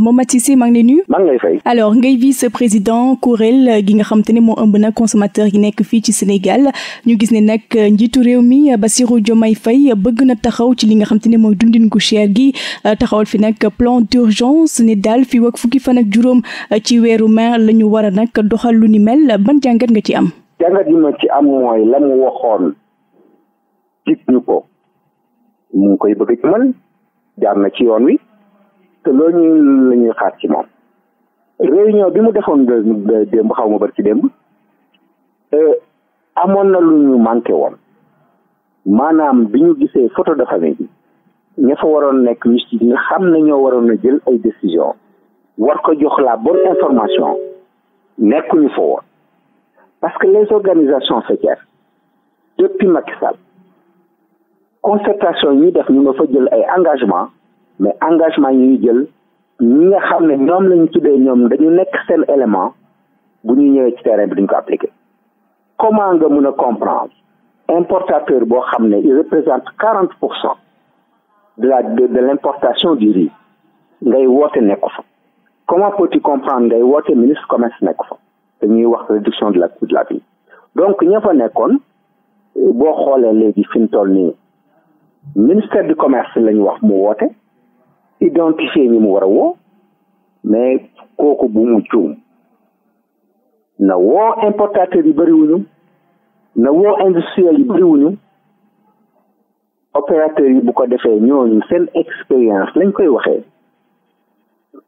Momath Cissé maa ngi lay nuyu. maa ngi lay fay. ngay vice président kuréel gi nga xam ne moo ëmb nag consommateur gi nekk fii ci Sénégal ñu gis ne nag njiitu réew mi ba Bassirou may Faye bëgg na taxaw ci li nga xam te ne mooy dundin gu cher gi taxawal fi nag plan d'urgence ni daal fii wak fukki fan ak juróom ci weeru mai la ñu war a nag doxal lu ni mel ban jàngat nga ci am. jàngat yi ma ci am mooy la mu waxoon jig ñu ko mu ngi koy bëgg ci man jaar ci yoon wi. te loolu la ñuy xaar ci moom réunion bi mu defoon démb xaw ma bari ci démb euh, amoon na lu ñu manqué woon maanaam bi ñu gisee photo de famille bi ña fa waroon nekk ñu ci nga xam ne ñoo waroon a jël ay décision war ko jox la bonne information nekkuñu fa woon parce que les organisations faîtières depuis Macky Sall concertation yi def ñu nga fa jël ay engagement mais engagement yi ñu jël ñi nga xam ne ñoom lañu tuddee ñoom dañu nekk seen élément bu ñu ñëwee ci terrain bi duñ ko appliquer comment nga mun a comprendre importateur boo xam ne il représente quarante pour cent de la de, de l'importation du riz ngay woote nekk fa comment peux-tu comprendre ngay woote ministre commerce nekk fa dañuy wax réduction de la coût de la vie donc ña fa nekkoon boo xoolee léegi fi mu toll nii ministère du commerce lañu wax mu woote identifier ñi mu war a woo mais kooku bu mu juum na woo importateur yi bëriwuñu na woo industriel yi bëriwuñu opérateur yi bu ko defee ñooñu seen expérience lañ koy waxee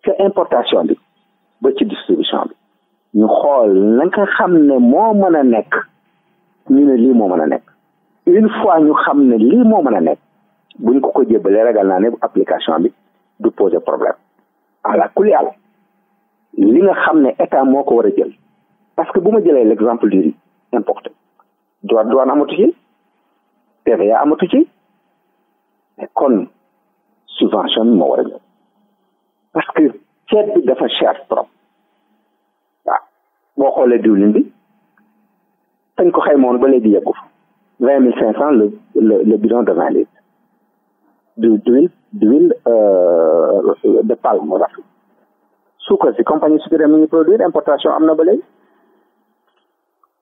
ca importation bi ba ci distribution bi ñu xool na nga xam ne moo mën a nekk ñu ne lii moo mën a nekk une fois ñu xam ne lii moo mën a nekk buñ ko ko jébbalee ragal naa ne application bi du poser problème ala kulli àll li nga xam ne état moo ko war a jël parce que bu ma jëlee l' exemple du riz importé droit douane amatu ci TVA amatu ci mais kon subvention bi moo war a ñëw parce que ceeb bi dafa cher trop waaw boo xoolee diwlin bi dañ ko xayma woon ba léegi yeggu fa vingt mille cinq cent le le bidon de vingt litres d'huile d'huile d'huile euh, de palme mu rafet suukar si compagnie sucrière mu ngi produire importation am na ba léegi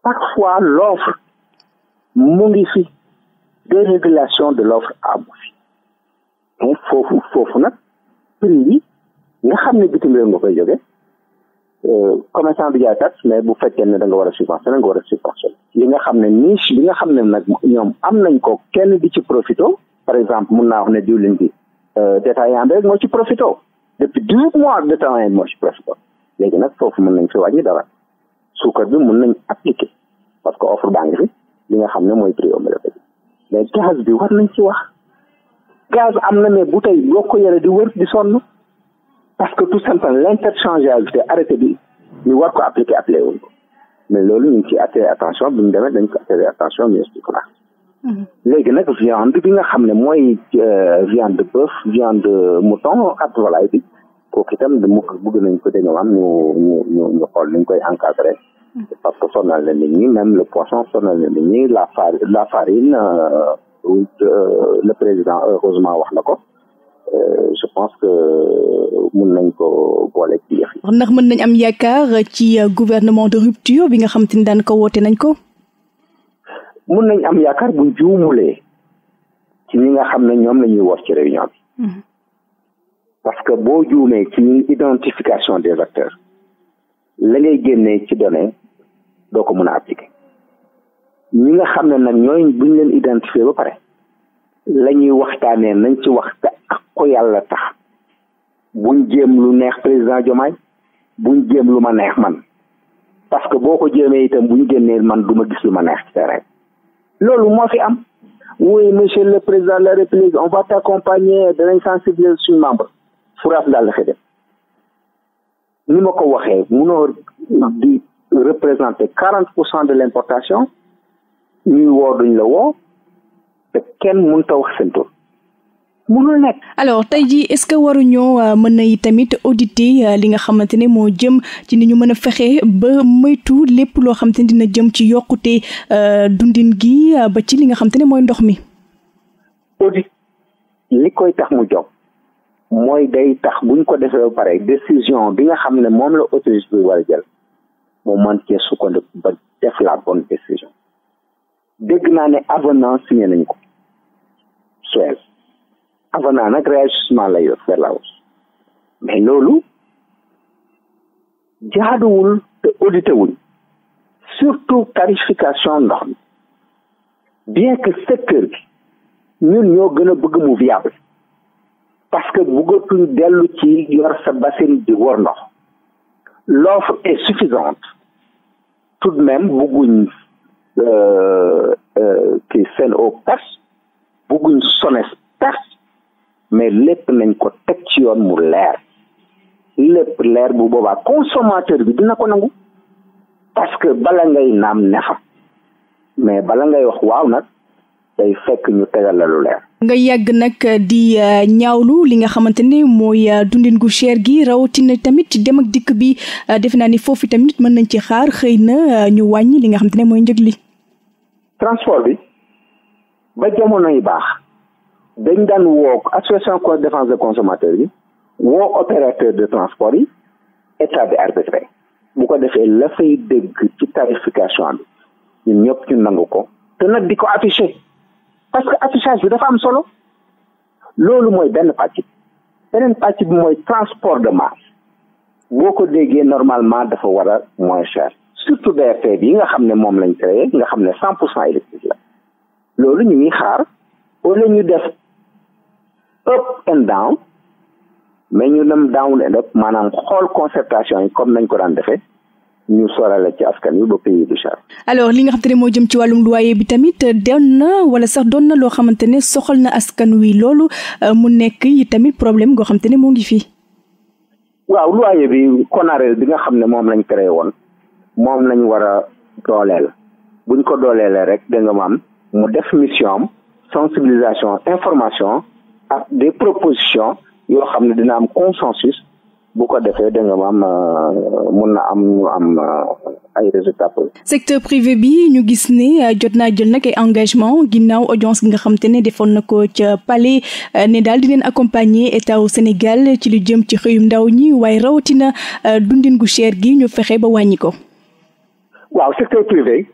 parfois l'offre mu ngi fi dérégulation de l'offre amu fi foofu foofu nag prix yi nga xam ne bitim leen nga koy joge jóge euh, commerçant bi jaaykat mais bu fekkee ne da nga war a subventionné nga war a subventionné li nga xam ne niche bi nga xam ne nag ñoom am nañ ko kenn di ci profito par exemple mun naa wax ne diwlin bi euh, détaillant bi rek moo ci profité depuis douze mois détaillant bi moo ci profité léegi nag foofu mën nañ fi ñi dara suukar bi mun nañ appliqué parce que offre baa ngi li nga xam ne mooy prix omelette bi mais gaz bi war nañ ci wax gaz am na mais bu tey boo ko yore di wër di sonn parce que tout simplement l'interchangeabilité arrêté bi ñu war ko appliqué appelé wuñ ko mais loolu ñu ngi ci attiré attention bi ñu demee dañ ko attiré attention ministre bi léegi nag viande bi nga xam ne mooy euh, viande bœuf viande mouton ak volaille bi kooku itam mu bëgg nañ ko dañoo am ñu ñu ñu ñu xool niñ koy encadré parce que sonal na nit ñi même le poisson sonal na nit ñi la far la farine euh, euh, le président heureusement wax na ko je pense que mun nañ ko boole ci yëf yi ndax mën nañ am yaakaar ci gouvernement de rupture bi nga xam te ni daan ko woote nañ ko mun nañ am yaakaar buñ juumulee ci ñi nga xam ne ñoom la ñuy wor ci réunion bi mm-hmm. parce que boo juumee ci identification des acteurs la ngay génnee ci données doo ko mun a appliquer ñi nga xam ne nag ñooy buñ leen identifier ba pare la ñuy waxtaanee nañ ci waxta ak ko yàlla tax buñ jéem lu neex président Diomaye buñ jéem lu ma neex man parce que boo ko jéemee itam buñ génnee man du ma gis lu ma neex ci terrain loolu moo fi am oui monsieur le président de la république on va t'accompagner danañ sensibiliser suñu membre furaas daal la fi dem ni ma ko waxee munoo di représenter quarante pour cent de l' importation ñuy woo duñ la woo te kenn mënut a wax seen tur mënul nekk. alors tey jii est-ce que waruñoo euh, mën a tamit auditer euh, li nga xamante ne moo jëm ci ni ñu mën a fexe ba moytu lépp loo xamante ne dina jëm ci yokkute euh, dundin gi ba ci li nga xamante ne mooy ndox mi. audit li koy tax mu jóg mooy day tax buñ ko defee ba pare décision bi nga xam ne moom la autorité bi war a jël mu mën cee sukkandiku ba def la bonne décision dégg naa ne avenant signé nañ ko Afanaan ak réagissement lay def Berlaos mais loolu jaaduwul te audité wuñ surtout tarification ndox mi bien que secteur bi ñun ñoo gën a bëgg mu viable parce que bëggatuñ dellu ci yor sa bassine di wër ndox l'offre est suffisante tout de même bëgguñ ki Sen'Eau perte bëgguñ Sones perte mais lépp nañ ko teg ci yoon mu leer lépp leer bu boobaa consommateur bi dina ko nangu parce que bala ngay naam ne fa mais bala ngay wax waaw nag day fekk ñu tegal la lu leer. nga yàgg nag di euh, ñaawlu li nga xamante ne mooy euh, dundin gu cher gi rawatina tamit ci dem ak dikk bi euh, defe naa ni foofu tamit mën nañ ci xaar xëy na ñu wàññi li nga xamante ne mooy njëg li. transport bi ba jamono baax. dañ daan woo association défense des consommateurs yi woo opérateur de transport yi état bi arbitré bu ko defee la fay dégg ci tarification bi ñun ñëpp ñu nangu ko te nag di ko affiché parce que affichage bi dafa am solo loolu mooy benn pàcc beneen pàcc bi mooy transport de masse boo ko déggee normalement dafa war a moins cher surtout BRT bi nga xam ne moom lañ créé nga xam ne cent pour cent électrique la loolu ñu xaar wala ñu def up and down mais ñu lëm down and maanaam xool concertation yi comme nañ ko daan defee ñu sorale ci askan wi ba pays du char alors li nga xamante ne moo jëm ci wàllum loyer bi tamit euh, doon na wala sax doon na loo xamante ne soxal na askan wi loolu euh, mu nekk yi tamit problème goo xamante ne moo ngi fii waaw loyer bi konareel bi nga xam ne moom lañ créé woon moom lañ war a dooleel buñ ko dooleelee rek da nga maam mu def mission am information ak des propositions yoo xam ne dina am consensus bu ko defee da nga am euh, mun na am ñu am euh, ay résultats positifs. secteur privé bi ñu gis ne euh, jot naa jël nag ay engagement ginnaaw audience bi nga xam te ne defoon na ko ca palais ne daal di leen accompagner état wu Sénégal ci lu jëm ci xëyum ndaw ñi waaye rawatina dundin gu cher gi ñu fexe ba wàññi ko. waaw secteur privé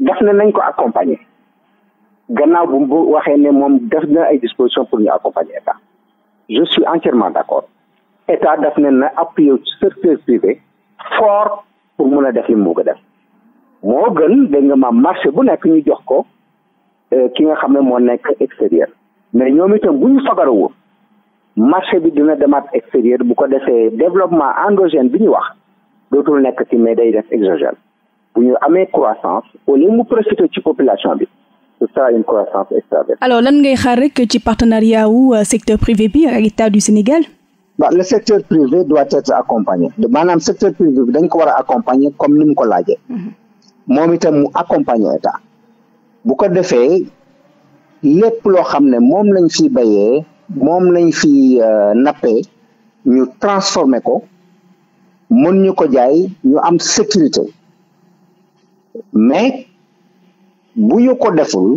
daf ne nañ ko accompagner. gannaaw bu mu waxee ne moom def na ay dispositions pour ñu accompagner état je suis entièrement d' accord état daf ne na appuyer secteur privé fort pour mun a def li mu bëgg a def moo gën dégg nga maam marché bu nekk ñu jox ko euh, ki nga xam ne moo nekk extérieur mais ñoom itam bu ñu fagarawul marché bi dina demat extérieur bu ko defee développement endogène bi ñu wax dootul nekk ci mais day def exogène bu ñu amee croissance au lieu mu profité ci population bi c'est ça lan ngay xaar rek ci partenariat wu euh, secteur privé bi ak état du Sénégal. waaw le secteur privé doit être accompagné maanaam secteur privé bi dañ ko war a accompagner comme ni ko laajee. Mhm. moom itam mu accompagner état bu ko defee lépp loo xam ne moom lañ fi bayee moom lañ fi euh, nappee ñu transformer ko mën ñu ko jaay ñu am sécurité mais. bu ñu ko deful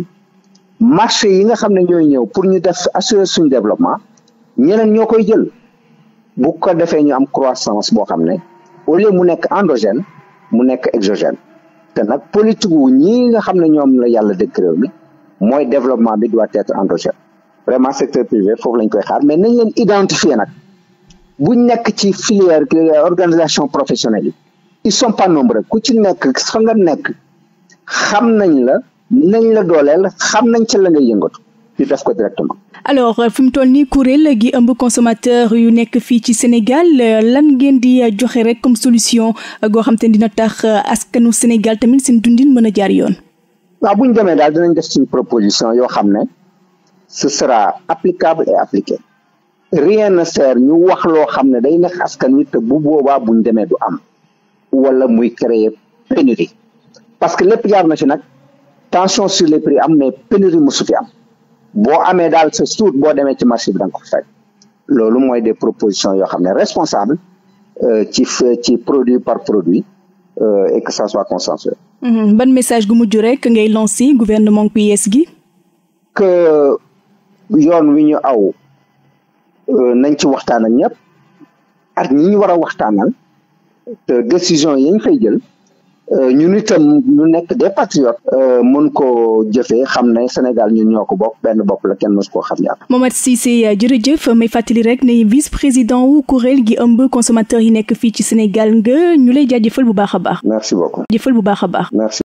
marché yi nga xam ne ñooy ñëw pour ñu def assurer suñu développement ñeneen ñoo koy jël bu ko defee ñu am croissance boo xam ne au lieu mu nekk endogène mu nekk exogène te nag politique wu ñii nga xam ne ñoom la yàlla dëkk réew mi mooy développement bi doit être endogène vraiment secteur privé foofu lañ koy xaar mais nañ leen identifier nag buñ nekk ci filière organisation professionnelle yi ils sont pas nombreux ku ci nekk fa nga nekk xam nañ la nañ la dooleel xam nañ ca la ngay yëngatu ñu def ko directement. alors fi mu toll nii kuréel gi ëmb consommateur yu nekk fii ci Sénégal lan ngeen di joxe rek comme solution goo xam te dina tax askanu Sénégal tamit seen dundin mën a jaar yoon. waaw bu ñu demee daal dinañ def suñu proposition yoo xam ne ce sera applicable et appliqué rien ne sert ñu wax loo xam ne day neex askan wi te bu boobaa bu demee du am wala muy créer pénurie. parce que lépp jaar na fi nag tension sur les prix am mais pénurie mosu fi am boo amee daal sa suut boo demee ci marché bi da nga ko fay loolu mooy des proposition yoo xam ne responsable euh, ci ci produit par produit euh, et que ça soit consensuel. Mm-hmm. ban message gu mujj rek ngay lancer gouvernement ku yees gi. que yoon wi ñu aw euh, nañ ci waxtaan ak ñëpp ak ñi ñu war a waxtaanal te décision yi ñu fay jël. ñu euh, ñun itam ñu nekk des patriotes euh, mën koo jëfee xam ne Sénégal ñun ñoo ko bokk benn bopp la kenn mës koo xam ñaar. Momath Cissé euh, jërëjëf may fàttali rek ne vice président wu kuréel gi ëmb consommateur yi nekk fii ci Sénégal nga ñu lay jaajëfal bu baax a baax. merci beaucoup jëfal bu baax a baax.